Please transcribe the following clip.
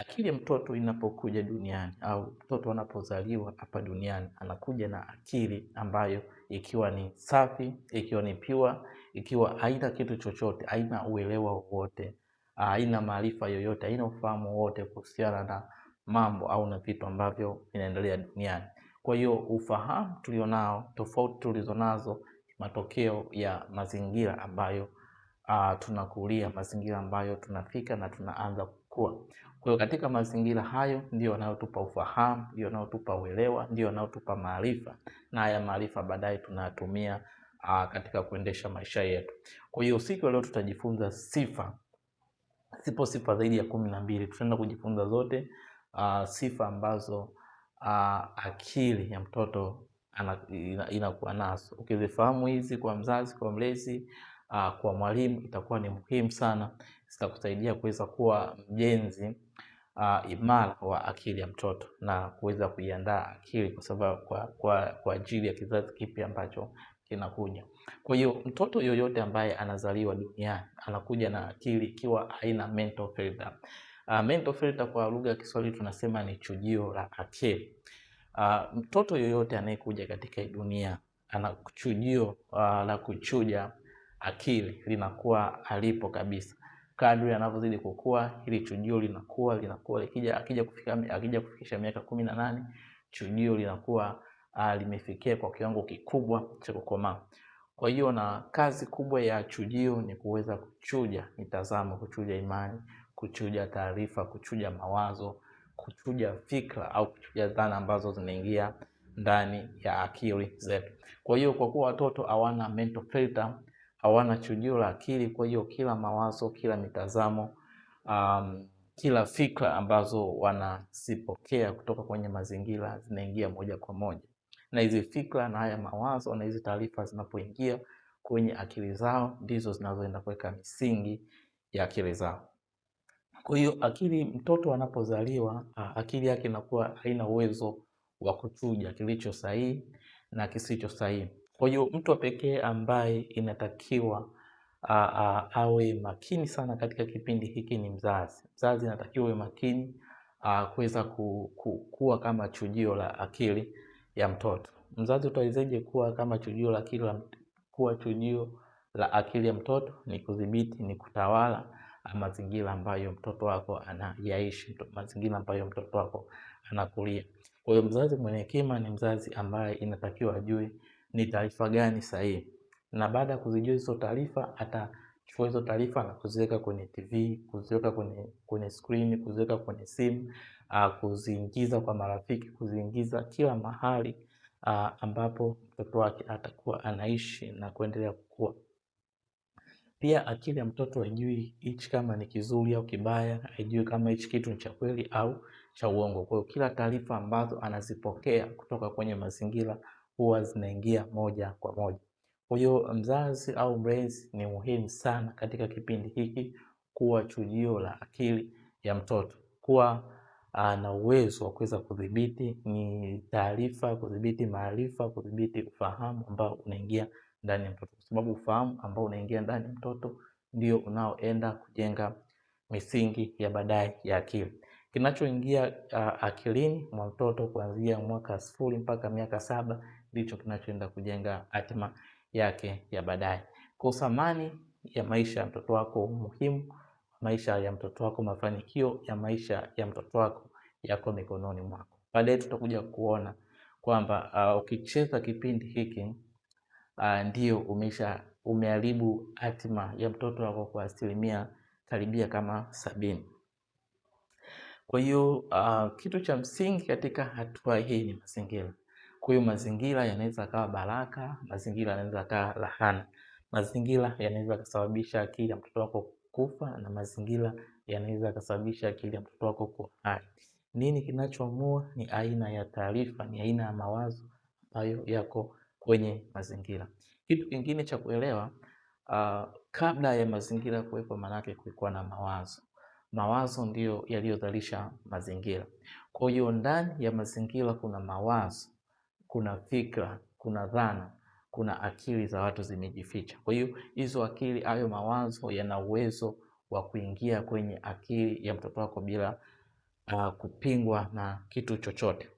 Akili ya mtoto inapokuja duniani au mtoto anapozaliwa hapa duniani, anakuja na akili ambayo ikiwa ni safi, ikiwa ni piwa, ikiwa haina kitu chochote, haina uelewa wowote, haina maarifa yoyote, haina ufahamu wowote kuhusiana na mambo au na vitu ambavyo vinaendelea duniani. Kwa hiyo ufahamu tulionao, tofauti tulizonazo, matokeo ya mazingira ambayo uh, tunakulia mazingira ambayo tunafika na tunaanza kukua. Kwa hiyo katika mazingira hayo ndio yanayotupa ufahamu, ndio yanayotupa uelewa, ndio yanayotupa maarifa, na haya maarifa baadaye tunayatumia uh, katika kuendesha maisha yetu. Kwa hiyo usiku leo tutajifunza sifa, zipo sifa zaidi ya kumi na mbili. Tutaenda kujifunza zote uh, sifa ambazo uh, akili ya mtoto ina, nazo. Ukizifahamu hizi kwa mzazi, kwa mlezi uh, kwa mwalimu itakuwa ni muhimu sana, zitakusaidia kuweza kuwa mjenzi uh, imara wa akili ya mtoto na kuweza kuiandaa akili kwa sababu kwa, kwa, kwa ajili ya kizazi kipya ambacho kinakuja. Kwa hiyo mtoto yoyote ambaye anazaliwa duniani anakuja na akili ikiwa haina mental filter. Uh, mental filter kwa lugha ya Kiswahili tunasema ni chujio la akili. Uh, mtoto yoyote anayekuja katika dunia ana chujio uh, la kuchuja akili linakuwa alipo kabisa. Kadri anavyozidi kukua, hili chujio linakuwa linakuwa, likija akija kufika akija kufikisha miaka kumi na nane chujio linakuwa uh, limefikia kwa kiwango kikubwa cha kukomaa. Kwa hiyo na kazi kubwa ya chujio ni kuweza kuchuja mitazamo, kuchuja imani, kuchuja taarifa, kuchuja mawazo, kuchuja fikra au kuchuja dhana ambazo zinaingia ndani ya akili zetu. Kwa hiyo kwa kuwa watoto hawana mental filter, hawana chujio la akili. Kwa hiyo kila mawazo, kila mitazamo, um, kila fikra ambazo wanazipokea kutoka kwenye mazingira zinaingia moja kwa moja, na hizi fikra na haya mawazo na hizi taarifa zinapoingia kwenye akili zao ndizo zinazoenda kuweka misingi ya akili zao. Kwa hiyo akili, mtoto anapozaliwa akili yake inakuwa haina uwezo wa kuchuja kilicho sahihi na kisicho sahihi. Kwa hiyo mtu wa pekee ambaye inatakiwa a, a, awe makini sana katika kipindi hiki ni mzazi. Mzazi anatakiwa awe makini kuweza ku, ku, kuwa kama chujio la akili ya mtoto. Mzazi utawezeje kuwa kama chujio la akili la, kuwa chujio la akili ya mtoto? Ni kudhibiti, ni kutawala mazingira ambayo mtoto wako anayaishi, mazingira ambayo mtoto wako anakulia. Kwa hiyo mzazi mwenye hekima ni mzazi ambaye inatakiwa ajue ni taarifa gani sahihi, na baada ya kuzijua hizo taarifa atachukua hizo taarifa na kuziweka kwenye TV, kuziweka kwenye kwenye screen, kuziweka kwenye simu, ah, kuziingiza kwa marafiki, kuziingiza kila mahali Uh, ambapo mtoto wake atakuwa anaishi na kuendelea kukua. Pia akili ya mtoto haijui hichi kama ni kizuri au kibaya, haijui kama hichi kitu ni cha kweli au cha uongo. Kwa hiyo kila taarifa ambazo anazipokea kutoka kwenye mazingira huwa zinaingia moja kwa moja. Kwa hiyo mzazi au mlezi ni muhimu sana katika kipindi hiki kuwa chujio la akili ya mtoto, kuwa ana ah, uwezo wa kuweza kudhibiti ni taarifa, kudhibiti maarifa, kudhibiti ufahamu ambao unaingia ndani ya mtoto, kwa sababu ufahamu ambao unaingia ndani ya mtoto ndio unaoenda kujenga misingi ya baadaye ya akili. Kinachoingia uh, akilini mwa mtoto kuanzia mwaka sifuri mpaka miaka saba ndicho kinachoenda kujenga hatima yake ya baadaye. Kwa thamani ya maisha ya mtoto wako, umuhimu maisha ya mtoto wako, mafanikio ya maisha ya mtoto wako yako mikononi mwako. Baadaye tutakuja kuona kwamba uh, ukicheza kipindi hiki uh, ndio umesha umeharibu hatima ya mtoto wako kwa asilimia karibia kama sabini. Kwa hiyo uh, kitu cha msingi katika hatua hii ni mazingira. Kwa hiyo mazingira yanaweza kawa baraka, mazingira yanaweza kawa lahana, mazingira yanaweza kusababisha akili ya mtoto wako kufa na mazingira yanaweza kusababisha akili ya mtoto wako kuwa hai. Nini kinachoamua? Ni aina ya taarifa, ni aina ya mawazo ambayo yako kwenye mazingira. Kitu kingine cha kuelewa, uh, kabla ya mazingira kuwepo, maanake kulikuwa na mawazo Mawazo ndiyo yaliyozalisha mazingira. Kwa hiyo ndani ya mazingira kuna mawazo, kuna fikra, kuna dhana, kuna akili za watu zimejificha. Kwa hiyo hizo akili, hayo mawazo yana uwezo wa kuingia kwenye akili ya mtoto wako bila uh, kupingwa na kitu chochote.